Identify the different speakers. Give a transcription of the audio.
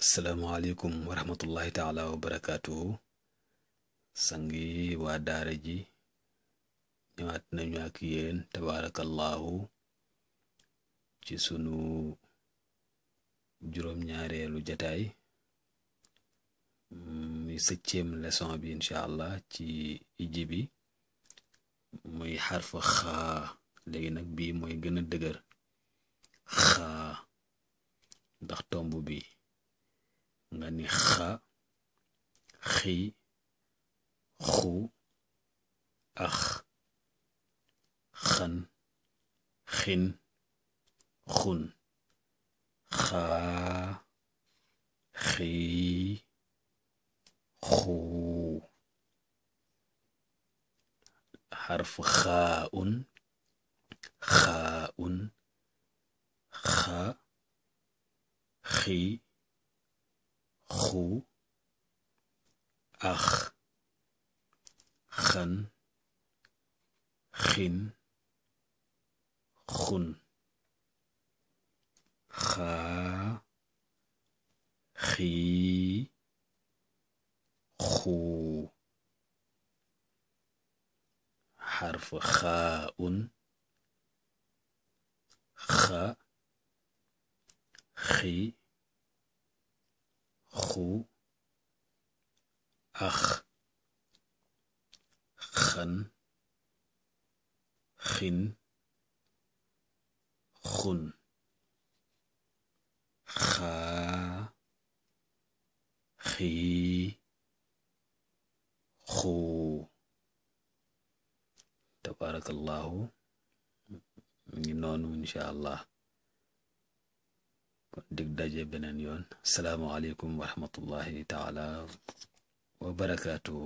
Speaker 1: asalaamaaleykum wa rahmatullahi taala wa barakaatuhu sang ji ñëwaat nañu ak yéen ci sunu juróom-ñaareelu jataay muy septième leçon bi incha allah ci iji bi muy xarfa xaa léegi nag bii mooy gën a dëgër xaa ndax tomb bi عندي خا خي خو أخ خن خن خن خا خي خو حرف خاء خاء خا خي خو أخ خن خن خن خا خي خو حرف خاء خ خي Ku, ag gen gin groen ga gi ku. tabarakallahu ngi noonu allah ديك داجي بنان السلام عليكم ورحمه الله تعالى وبركاته